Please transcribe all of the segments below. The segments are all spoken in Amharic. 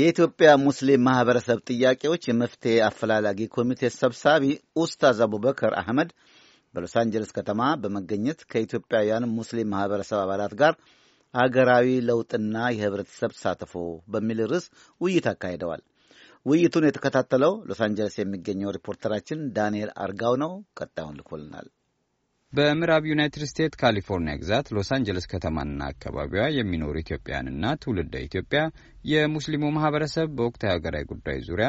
የኢትዮጵያ ሙስሊም ማህበረሰብ ጥያቄዎች የመፍትሄ አፈላላጊ ኮሚቴ ሰብሳቢ ኡስታዝ አቡበከር አህመድ በሎስ አንጀለስ ከተማ በመገኘት ከኢትዮጵያውያን ሙስሊም ማህበረሰብ አባላት ጋር አገራዊ ለውጥና የህብረተሰብ ተሳትፎ በሚል ርዕስ ውይይት አካሂደዋል። ውይይቱን የተከታተለው ሎስ አንጀለስ የሚገኘው ሪፖርተራችን ዳንኤል አርጋው ነው። ቀጣዩን ልኮልናል። በምዕራብ ዩናይትድ ስቴትስ ካሊፎርኒያ ግዛት ሎስ አንጀለስ ከተማና አካባቢዋ የሚኖሩ ኢትዮጵያውያንና ትውልደ ኢትዮጵያ የሙስሊሙ ማህበረሰብ በወቅታዊ ሀገራዊ ጉዳይ ዙሪያ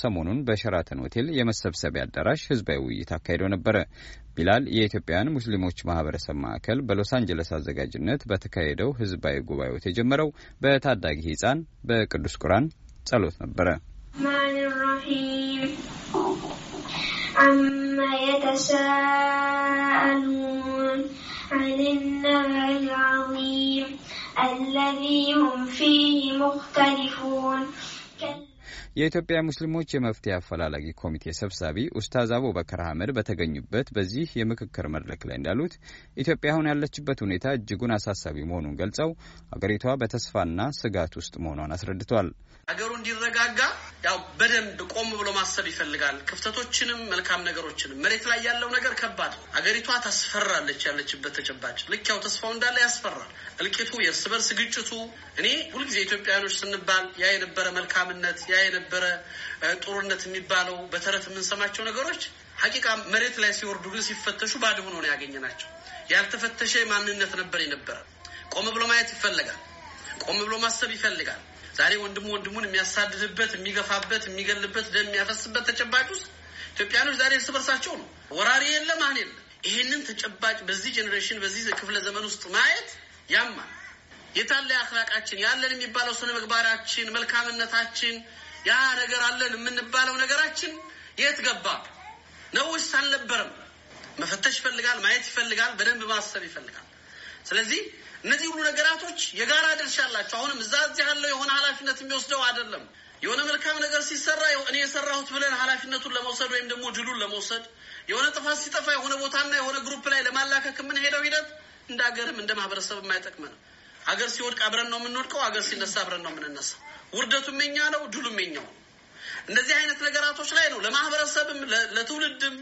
ሰሞኑን በሸራተን ሆቴል የመሰብሰቢያ አዳራሽ ህዝባዊ ውይይት አካሂዶ ነበረ። ቢላል የኢትዮጵያውያን ሙስሊሞች ማህበረሰብ ማዕከል በሎስ አንጀለስ አዘጋጅነት በተካሄደው ህዝባዊ ጉባኤው የተጀመረው በታዳጊ ህፃን በቅዱስ ቁርአን ጸሎት ነበረ። ማን የኢትዮጵያ ሙስሊሞች የመፍትሄ አፈላላጊ ኮሚቴ ሰብሳቢ ኡስታዝ አቡበከር አህመድ በተገኙበት በዚህ የምክክር መድረክ ላይ እንዳሉት ኢትዮጵያ አሁን ያለችበት ሁኔታ እጅጉን አሳሳቢ መሆኑን ገልጸው አገሪቷ በተስፋና ስጋት ውስጥ መሆኗን አስረድቷል። አገሩ እንዲረጋጋ ያው በደንብ ቆም ብሎ ማሰብ ይፈልጋል። ክፍተቶችንም መልካም ነገሮችንም መሬት ላይ ያለው ነገር ከባድ ነው። አገሪቷ ታስፈራለች። ያለችበት ተጨባጭ ልክ ያው ተስፋው እንዳለ ያስፈራል። እልቂቱ፣ የእርስ በርስ ግጭቱ እኔ ሁልጊዜ ኢትዮጵያውያኖች ስንባል ያ የነበረ መልካምነት ያ የነበረ ጥሩነት የሚባለው በተረት የምንሰማቸው ነገሮች ሀቂቃ መሬት ላይ ሲወርዱ ግን ሲፈተሹ ባድ ሆኖ ነው ናቸው። ያልተፈተሸ ማንነት ነበር የነበረ። ቆም ብሎ ማየት ይፈልጋል። ቆም ብሎ ማሰብ ይፈልጋል። ዛሬ ወንድሙ ወንድሙን የሚያሳድድበት፣ የሚገፋበት፣ የሚገልበት፣ ደም የሚያፈስበት ተጨባጭ ውስጥ ኢትዮጵያኖች ዛሬ እርስ በርሳቸው ነው። ወራሪ የለ ማን የለ። ይህንን ተጨባጭ በዚህ ጀኔሬሽን በዚህ ክፍለ ዘመን ውስጥ ማየት ያማል። የታለ አክላቃችን ያለን የሚባለው ስነ ምግባራችን፣ መልካምነታችን ያ ነገር አለን የምንባለው ነገራችን የት ገባ ነው? ውስጥ አልነበረም። መፈተሽ ይፈልጋል፣ ማየት ይፈልጋል፣ በደንብ ማሰብ ይፈልጋል። ስለዚህ እነዚህ ሁሉ ነገራቶች የጋራ ድርሻ አላቸው። አሁንም እዛ እዚህ ያለው የሆነ ኃላፊነት የሚወስደው አይደለም። የሆነ መልካም ነገር ሲሰራ እኔ የሰራሁት ብለን ኃላፊነቱን ለመውሰድ ወይም ደግሞ ድሉን ለመውሰድ የሆነ ጥፋት ሲጠፋ የሆነ ቦታና የሆነ ግሩፕ ላይ ለማላከክ የምንሄደው ሂደት እንደ ሀገርም እንደ ማህበረሰብ የማይጠቅም ነው። ሀገር ሲወድቅ አብረን ነው የምንወድቀው። ሀገር ሲነሳ አብረን ነው የምንነሳ። ውርደቱ የኛ ነው፣ ድሉ የኛው ነው። እንደዚህ አይነት ነገራቶች ላይ ነው ለማህበረሰብም ለትውልድም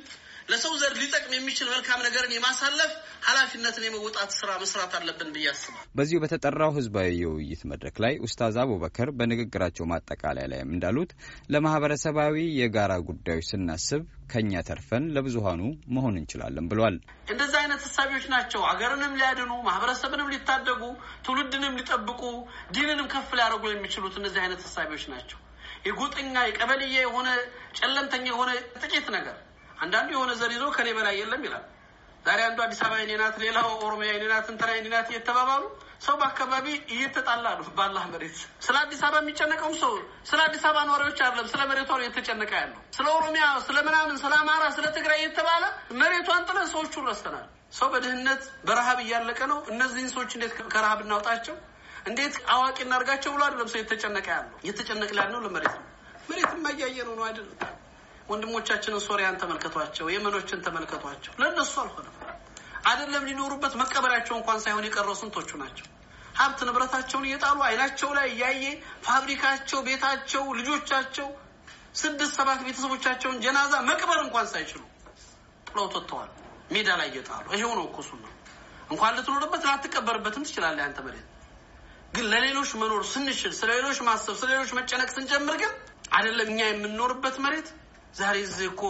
ለሰው ዘር ሊጠቅም የሚችል መልካም ነገርን የማሳለፍ ኃላፊነትን የመወጣት ስራ መስራት አለብን ብዬ አስባል። በዚሁ በተጠራው ህዝባዊ የውይይት መድረክ ላይ ኡስታዝ አቡበከር በንግግራቸው ማጠቃለያ ላይም እንዳሉት ለማህበረሰባዊ የጋራ ጉዳዮች ስናስብ ከኛ ተርፈን ለብዙሀኑ መሆን እንችላለን ብሏል። እንደዚህ አይነት እሳቢዎች ናቸው አገርንም ሊያድኑ ማህበረሰብንም ሊታደጉ ትውልድንም ሊጠብቁ ዲንንም ከፍ ሊያደርጉ የሚችሉት እነዚህ አይነት እሳቢዎች ናቸው። የጎጠኛ የቀበሌያ የሆነ ጨለምተኛ የሆነ ጥቂት ነገር አንዳንዱ የሆነ ዘር ይዞ ከኔ በላይ የለም ይላል። ዛሬ አንዱ አዲስ አበባ የኔ ናት፣ ሌላው ኦሮሚያ የኔ ናት፣ እንትና የኔ ናት እየተባባሉ ሰው በአካባቢ እየተጣላ ነው። ባላህ መሬት ስለ አዲስ አበባ የሚጨነቀውም ሰው ስለ አዲስ አበባ ነዋሪዎች አይደለም፣ ስለ መሬቷ ነው እየተጨነቀ ያለው። ስለ ኦሮሚያ፣ ስለ ምናምን፣ ስለ አማራ፣ ስለ ትግራይ እየተባለ መሬቷን ጥለ ሰዎቹ ረስተናል። ሰው በድህነት በረሃብ እያለቀ ነው። እነዚህን ሰዎች እንዴት ከረሃብ እናውጣቸው፣ እንዴት አዋቂ እናርጋቸው ብሎ አይደለም ሰው እየተጨነቀ ያለው። እየተጨነቀ ያለው ለመሬት ነው። መሬት የማያየ ነው ነው አይደለም ወንድሞቻችንን ሶሪያን ተመልከቷቸው፣ የመኖችን ተመልከቷቸው። ለእነሱ አልሆነም አይደለም ሊኖሩበት መቀበሪያቸው እንኳን ሳይሆን የቀረው ስንቶቹ ናቸው? ሀብት ንብረታቸውን እየጣሉ አይናቸው ላይ እያየ ፋብሪካቸው፣ ቤታቸው፣ ልጆቻቸው ስድስት ሰባት ቤተሰቦቻቸውን ጀናዛ መቅበር እንኳን ሳይችሉ ጥለው ተጥተዋል። ሜዳ ላይ እየጣሉ ይሄው ነው እኮ እሱን ነው። እንኳን ልትኖርበት ላትቀበርበትም ትችላለህ አንተ መሬት። ግን ለሌሎች መኖር ስንችል፣ ስለ ሌሎች ማሰብ፣ ስለ ሌሎች መጨነቅ ስንጀምር ግን አይደለም እኛ የምንኖርበት መሬት ዛሬ እዚህ እኮ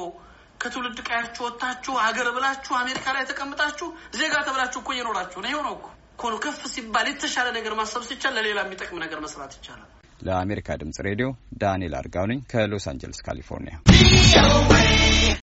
ከትውልድ ቀያችሁ ወጥታችሁ ሀገር ብላችሁ አሜሪካ ላይ ተቀምጣችሁ ዜጋ ተብላችሁ እኮ እየኖራችሁ ነው። የሆነው እኮ ኮኑ ከፍ ሲባል የተሻለ ነገር ማሰብ ሲቻል ለሌላ የሚጠቅም ነገር መስራት ይቻላል። ለአሜሪካ ድምጽ ሬዲዮ ዳንኤል አርጋው ነኝ ከሎስ አንጀልስ ካሊፎርኒያ።